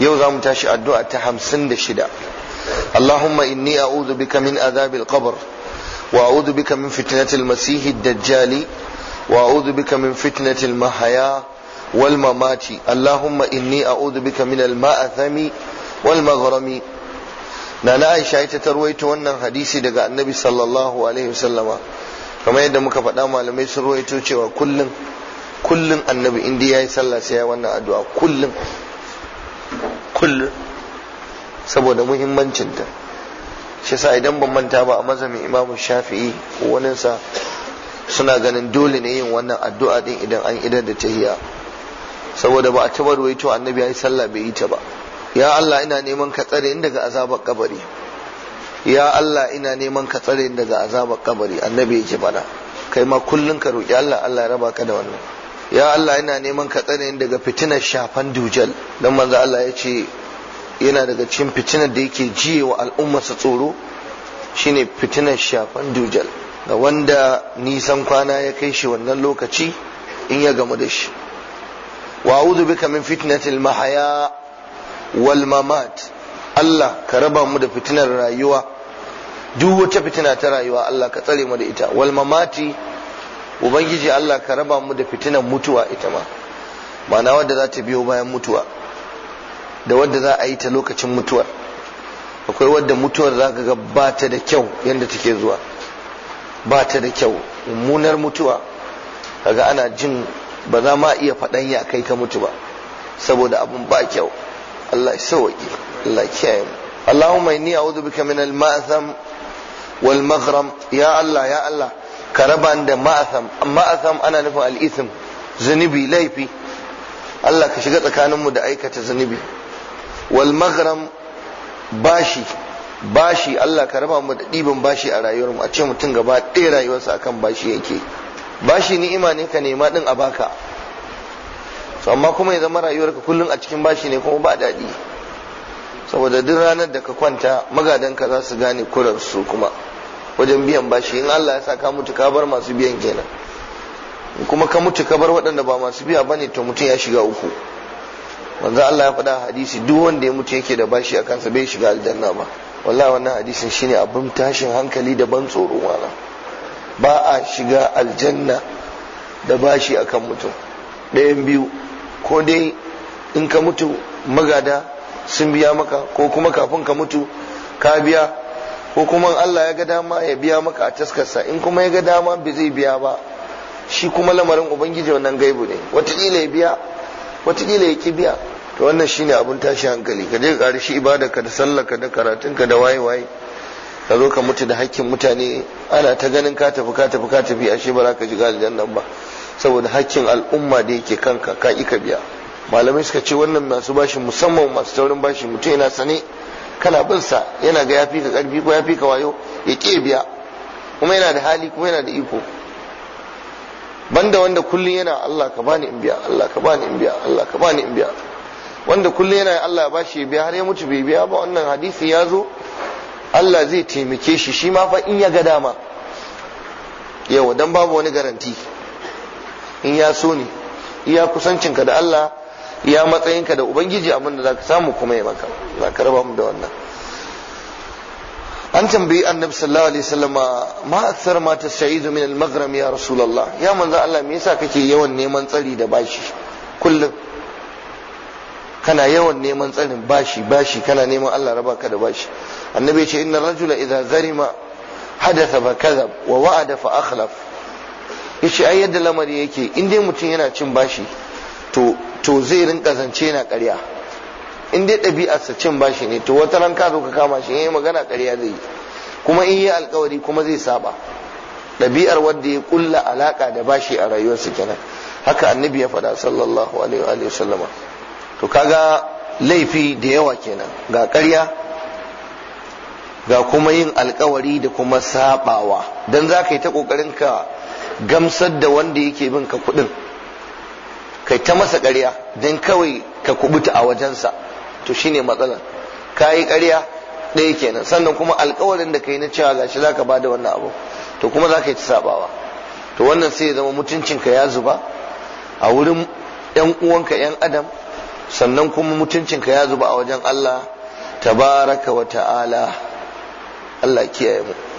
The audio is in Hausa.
yau za mu tashi addu'a ta hamsin da shida Allahumma inni a'udhu bika min azabil qabr wa bika min fitnatil masihid dajjali wa a'udhu bika min fitnatil mahaya wal mamati Allahumma inni a'udhu bika min al ma'athami wal maghrami nana Aisha ita ta ruwaito wannan hadisi daga Annabi sallallahu alaihi kamar yadda muka faɗa malamai sun ruwaito cewa kullum kullum annabi indiya yayi sallah sai ya wannan addu'a kullum kullum saboda muhimmancinta shi sa idan ban manta ba a mazamin imamu shafi'i ko waninsa suna ganin dole ne yin wannan addu'a din idan an idar da tahiya saboda ba a taba ruwaito annabi yayi sallah bai yi ta ba ya Allah ina neman ka tsare ni daga azabar kabari ya Allah ina neman ka tsare ni daga azabar kabari annabi yake bana kai ma kullun ka roki Allah Allah ya raba ka da wannan ya Allah yana neman ka tsare ni daga fitinar shafan dujal dan manzo Allah ya ce yana daga cikin fitinar da yake jiye wa su tsoro shine fitinar shafan dujal ga wanda nisan kwana ya kai shi wannan lokaci in ya gamu da shi wa a'udhu bika min fitnatil mahaya wal mamat Allah ka raba mu da fitinar rayuwa duk wata fitina ta rayuwa Allah ka tsare mu da ita wal mamati ubangiji Allah ka raba mu da fitinan mutuwa ita ma ma'ana wadda za ta biyo bayan mutuwa da wadda za a yi ta lokacin mutuwar akwai wadda mutuwar za ka ba ta da kyau yadda take zuwa ba ta da kyau mummunar mutuwa kaga ana jin ba za ma iya faɗan ya kai ka mutu ba saboda abun ba kyau Allah ya sauki Allah kiyaye mu Allahumma inni a'udhu bika min al-ma'tham wal maghram ya Allah ya Allah ka raba da ma'asam ma'asam ana nufin al'isim zunubi laifi Allah ka shiga tsakaninmu da aikata zunubi wal maghram bashi bashi Allah ka raba mu da ɗiban bashi a rayuwar mu a ce mutum gaba ɗaya rayuwarsa akan bashi yake bashi ni'ima ne ka nema din a baka to amma kuma ya zama rayuwarka kullum a cikin bashi ne kuma ba daɗi saboda duk ranar da ka kwanta magadanka za su gane kuransu kuma wajen biyan bashi in Allah ya sa ka mutu ka bar masu biyan kenan kuma ka mutu ka bar waɗanda ba masu biya bane to mutum ya shiga uku manzo Allah ya faɗa hadisi duk wanda ya mutu yake da bashi a kansa bai shiga aljanna ba wallahi wannan hadisin shine abin tashin hankali da ban tsoro mana ba a shiga aljanna da bashi akan mutum ɗayan biyu ko dai in ka mutu magada sun biya maka ko kuma kafin ka mutu ka biya ko kuma Allah ya ga dama ya biya maka a taskarsa in kuma ya ga dama bai zai biya ba shi kuma lamarin ubangiji wannan gaibu ne watakila ya biya Wataƙila ya ki biya to wannan shine abun tashi hankali ka je ka shi ka da sallarka da karatunka da waye waye ka zo ka mutu da hakkin mutane ana ta ganin ka tafi ka tafi ka tafi ashe ba za ka shiga aljannan ba saboda hakkin al'umma da yake kanka ka ka biya malamai suka ce wannan masu bashi musamman masu taurin bashi mutum yana sane kana bin sa yana ga yafi ka karfi ko yafi ka wayo ya ke biya kuma yana da hali kuma yana da iko banda wanda kullum yana Allah ka bani in biya Allah ka bani in biya Allah ka bani in biya wanda kullum yana Allah ya bashi biya har ya mutu bai biya ba wannan hadisi ya zo Allah zai taimake shi shi ma fa in ya ga dama yawa dan babu wani garanti in ya so ne iya kusancinka da Allah ya matsayinka da ubangiji abin da zaka samu kuma ya maka ka raba mu da wannan an tambayi annabi sallallahu alaihi wasallam ma akthar ma tasaidu min al ya rasulullah ya manzo Allah me yasa kake yawan neman tsari da bashi kullum kana yawan neman tsarin bashi bashi kana neman Allah raba ka da bashi annabi ya ce inna rajula idza zarima hadatha fa kadhab wa wa'ada fa akhlaf yace ai yadda lamari yake in dai mutum yana cin bashi to to zai rinka zance na ƙarya in dai ɗabi'arsa cin bashi ne to wata ran ka zo ka kama shi yi magana karya zai yi kuma in yi alkawari kuma zai saba ɗabi'ar wanda ya kulla alaka da bashi a rayuwarsa kenan haka annabi ya faɗa sallallahu alaihi wa sallama to kaga laifi da yawa kenan ga karya, ga kuma yin alkawari da kuma sabawa dan za ka yi ta ƙoƙarin ka gamsar da wanda yake bin ka kuɗin kai ta masa ƙarya don kawai ka kubuta a wajensa to shine matsalar ka yi ƙarya ɗaya kenan sannan kuma alkawarin da ka yi na cewa gashi za ka bada wannan abu to kuma za ka yi ta sabawa to wannan sai ya zama mutuncinka ya zuba a wurin yan uwanka yan adam sannan kuma mutuncinka ya zuba a wajen Allah tabaraka wa ta'ala Allah kiyaye mu